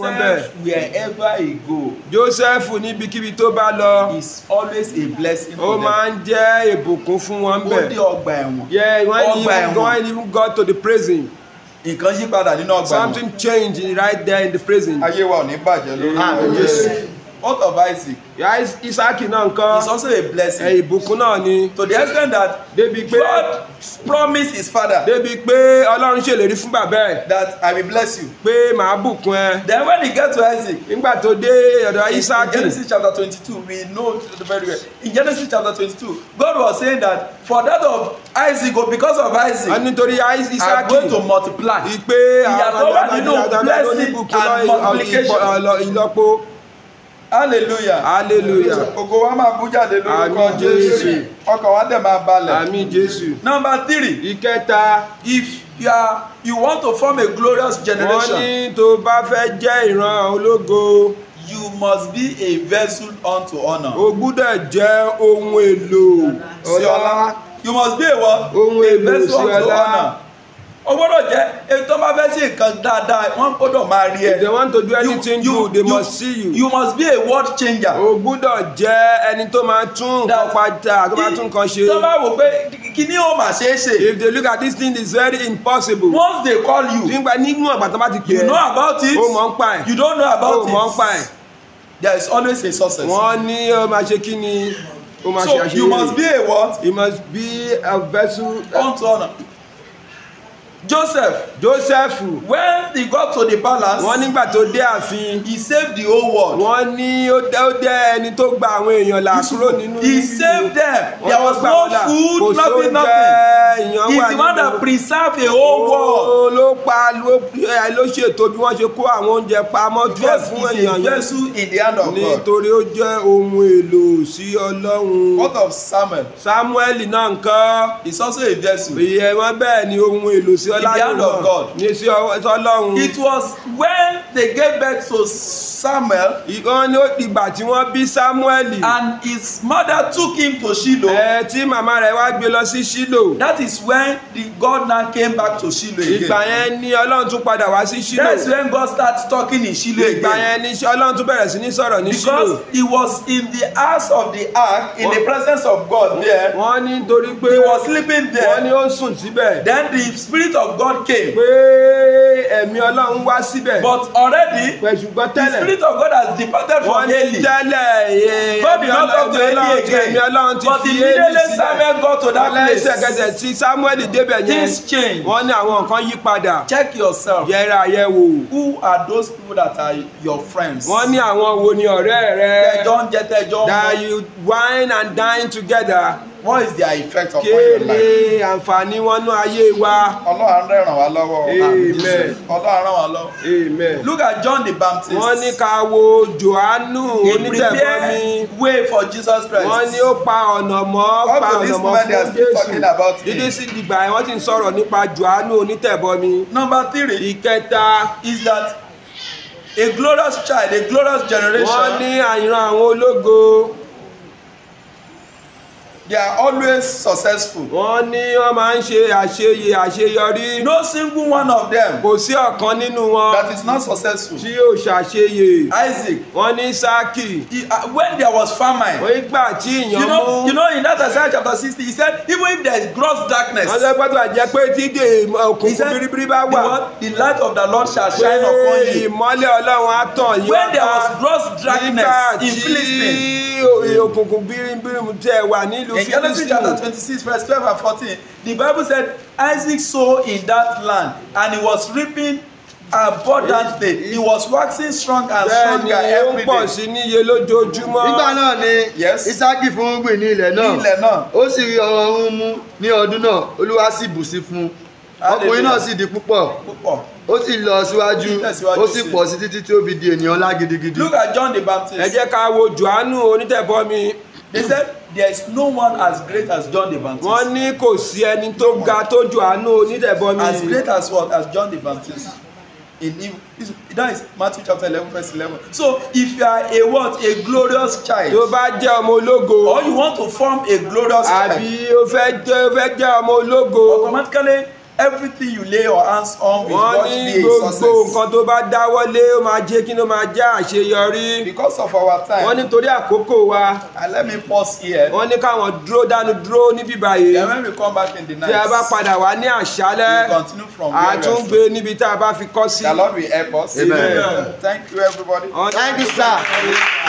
wọ́n wherever he go. Joseph níbikíbi tó bá lọ. is always a blessing for them. ó máa ń jẹ́ ìbùkún fún wọn bẹ̀. ó dé ọgbà ẹ̀wọ̀n. yeah when he when even got to the prison. nǹkan yí padà nínú ọgbà ẹ̀wọ̀n. something changed right there in the prison. ayé wa ò ní bàjẹ́ lórí ọ̀rọ̀ yẹn out of Isaac. Isaac náà nǹkan. is also a blessing. Ìbùkún náà ni. To the extent that. Débi pé. God promised his father. Débi pé Ọlọ́run ṣèlérí fún bàbá ẹ̀. That I will bless you. Pé màá bùkún ẹ. Then when he get to Isaac. Nígbà tó dé ọ̀dọ̀ Isaac. In Genesis chapter twenty-two we know very well. In Genesis chapter twenty-two God was saying that for that of Isaac or because of Isaac. Wọ́n nítorí Isaac. I'm going to multiply. Ìpè àwọn ọ̀dọ́ nínú blessing and multiplication. Ìlọ́po hallelujah hallelujah ògo wa máa bú jáde lórúkọ jésù ọkàn wa dẹ̀ máa balẹ̀ àmín jésù number three ìkẹta if you you want to form a glorious generation wọ́n ní tó bá fẹ́ jẹ́ ìran ológo you must be a vessel unto honour. o gbúdọ̀ jẹ́ ohun èlò ọlá. you must be a what? ohun èlò sí ọlá ṣe nǹkan dáadáa wọ́n gbọ́dọ̀ máa rí ẹ. if they want to do anything you, you, they you, must see you. you must be a world changer. o gbúdọ̀ jẹ́ ẹni tó máa tún nǹkan pátá tó máa tún nǹkan ṣe. tó bá wò pé kíní ó mà ṣeé ṣe. if they look at this thing it's very impossible. once they call you. nígbà nígbà àgbàtà bá ti pè é. you know about it. o mọ̀ ń pa ẹ̀. you don't know about it. o mọ̀ ń pa ẹ̀. there is always a success. wọ́n ní ó máa ṣe kí ni. So you must be a what? You must be a vessel. Unto honor. Joseph. Joseph. When he got to the palace. Wọ́n nígbà tó dé ààfin. He saved the whole world. Wọ́n ní ó dẹ́ ẹni tó gba àwọn èèyàn là kúrò nínú. He saved them. There was no food, nothing, nothing èèyàn wà nínú. he is the one that preserve a whole world. ló pa ló ṣètò bí wọ́n ṣe kó àwọn oúnjẹ pamọ́ díẹ̀ fún èèyàn yẹn nítorí ó jẹ́ ohun èlò sí ọlọ́run. what of samuel. samuel náà nǹkan. he is also a vessel. ìyẹn wọn bẹ́ẹ̀ ni ohun èlò sí ọlọ́run ní sí it was when they gave birth to samuel. ìkan ni ó dìgbà tí wọ́n bí samuel. and his mother took him to shiloh. ẹ ti màmá rẹ̀ wá gbé lọ sí shiloh. that is is when the God now came back to Shiloh again. Ìgbà yẹn ni Ọlọ́run tún padà wá sí Shiloh. That's when God starts talking in Shiloh again. Ìgbà yẹn ni Ọlọ́run tún bẹ̀rẹ̀ sí ní sọ̀rọ̀ ní Shiloh. Because he was in the house of the ark in the presence of God there. Wọ́n ní torí pé. He was sleeping there. Wọ́n ní ó sùn síbẹ̀. Then the spirit of God came. Pé ẹ̀mí Ọlọ́run wá síbẹ̀. But already. Pẹ̀sùgbọ́n tẹ́lẹ̀. The spirit of God has departed from Eli. Wọ́n ní tẹ́lẹ̀. God did not talk Eli again. But immediately Samuel got to that place samuel débẹ̀ yẹn things change wọ́n ní àwọn nǹkan yí padà check yourself yẹra yẹ who are those people that are your friends. wọ́n ní àwọn wo ni ọ̀rẹ́ rẹ. tẹjọ́ ń jẹ tẹjọ́ that you wine and dine together what is their effect upon your life. kéde àǹfààní wọn nú wa. ọlọ́run ràn wá lọ́wọ́ amen ọlọ́run ràn wá lọ́wọ́ amen. look at john the baptist. wọ́n ní ká wo johannu onítẹ̀bọmi. he prepared way for jesus christ. wọ́n ní ó pa ọ̀nà mọ́ pa ọ̀nà mọ́ fún jésù. dídí sí dìgbà yẹn wọ́n ti ń sọ̀rọ̀ nípa johannu onítẹ̀bọmi. number three. ìkẹta. is that a glorious child a glorious generation. wọ́n ní àyàn àwọn ológo they are always successful. wọ́n ní wọ́n máa ń ṣe àṣeyẹ àṣeyọrí. no single one of them. kò sí ọ̀kan nínú wọn. that is not successful. tí yóò ṣàṣeyẹ. Isaac. wọ́n ní Sáàkì. Uh, when there was famine. nígbà tí ìyàn mú. you know you know in that Isaiah chapter sixty he said even if there is gross darkness. wọ́n sọ pé àjẹ́ pé tí dè biribiri bá wà. the light of the Lord shall shine upon you. ìmọ́lẹ̀ Ọlọ́run á tàn yín. when there was gross darkness in Philistine. nígbà tí òkùnkùn biribiri tẹ̀ wà nílùú Genesis, Genesis chapter six, verse twelve and fourteen. the Bible said Isaac sowed in that land and he was reaping abundantly he was waxing strong and stronger every day. bẹ́ẹ̀ni ó pọ̀ sí níye lójoojúmọ́. nígbà náà ni isaki fún gbìn ní ilẹ̀ náà ilẹ̀ náà ó sì rí ọrùn mú ní ọdún náà olúwa sì bù sí fún un ọkùnrin náà sì di púpọ̀ ó sì lọ síwájú ó sì pọ̀ sí títí tí ó fi di ènìyàn ńlá gidigidi. look at John the Baptist. ẹ jẹ́ ká wo Jòhánù onítẹ̀bọmi they said there is no one as great as John the Baptist. wọ́n ní kò sí ẹni tó ga tó ju àánú onídẹ̀bọmi. as great as what as John the Baptist in him that is Matthew chapter eleven verse eleven so if you are a what a glorious child. tó bá jẹ́ ọmọ ológo. or you want to form a glorious child. àbí o fẹ́ jẹ́ o fẹ́ jẹ́ ọmọ ológo. automatically everything you lay your hands on will God be a success. wọ́n ní gbogbo nǹkan tó bá dáwọ́lé ó máa jẹ́ kí ló máa jẹ́ àṣeyọrí. because of our time. wọ́n nítorí àkókò wa. and let me pause here. wọ́n ní káwọn dúró dánu dúró níbí báyìí. then when we come back in the night. tí a bá padà wá ní àṣálẹ́. we continue from where we are. àtúngbé níbi tá a bá fi kọ́ sí. the Lord will help us. amen. amen. thank you everybody. thank you sir.